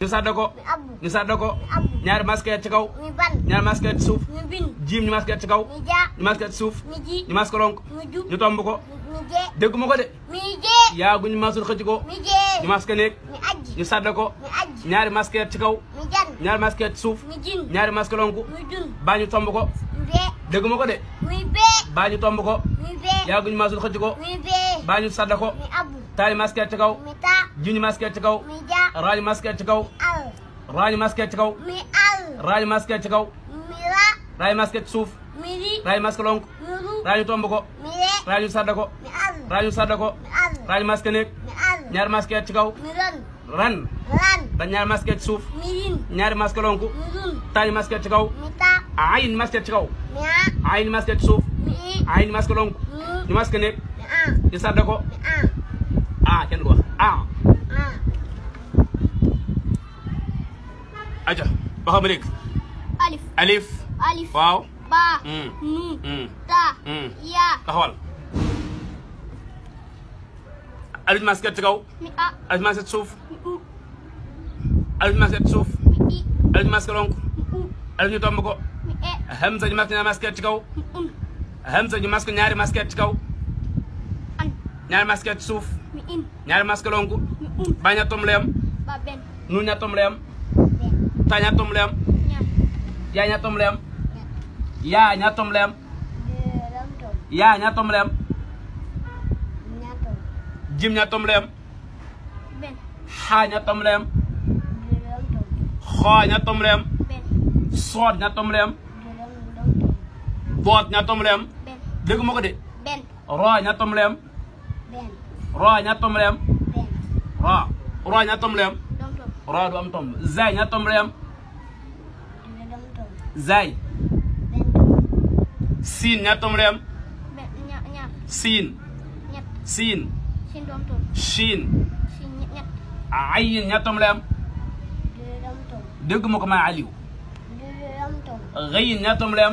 ñu sadda ko ñu sadda ko ñaari masque ci kaw ñaari masque ci suuf jiim ñu masque ci kaw ñu masque ci suuf ñu masque ronk ñu tomb ko dégguma ko de yaa guñu masul xëcc ko ñu masque néeg ñu sadda ko ñaari masque ci kaw ñaari masque ci suuf ñaari masque ronk baa ñu tomb ko dégguma ko de baa ñu tomb ko yaa guñu masul xëcc ko baa ñu sadda ko taali masque ci kaw juñu masque ci kaw. mi ja raañu masque ci kaw. al raañu masque ci kaw. mi al raañu masque ci kaw. mi ra raañu masque ci suuf. mi ri raañu masque lonk. mi ru raañu tomb ko. mi re raañu sadda ko. mi al raañu sadda ko. mi al raañu masque nekk. mi al ñaari masque ci kaw. mi ran ran. ran ba ñaari masque ci suuf. mi rin ñaari masque lonk. mi run taañu masque ci kaw. mi taa ayin masque ci kaw. mi a ayin masque ci suuf. mi i ayin masque lonk. ñu masque nekk. mi a ñu sadda ko. mi a ah kenn du wax. ah. aja ba xam rek. alif alif. alif waaw. ba. Mm. nu. Mm. ta. Mm. ya. taxawal. alif maa seet ci kaw. mi a. alif maa seet suuf. mi u. alif maa seet suuf. mi i. alif maa seet lonk. mi u. alif ñu tomb ko. mi e. hamza ñu masque ñaari masque ci kaw. mi un. hamza ñu masque ñaari masque ci kaw. an. ñaari masque ci suuf. ñaari mas lonku baña tom lem nunya tom lem taña tom lem yaña tom lem ya ña tom lem ya ña tom lem jim ña tom lem ha ña tom lem xo ña tom lem soot ña tom lem bot ña tom lem dégg ma ko de ro ña tom lem ben Ra ñaata tomb lay am. Ra Ra ñaata tomb lay am. Ra du am tomb Zaay ñaata Siin ñaata tomb lay Siin. Siin. Siin. Ayin ñaata tomb lay may Aliou. Ghayin ñaata tomb lay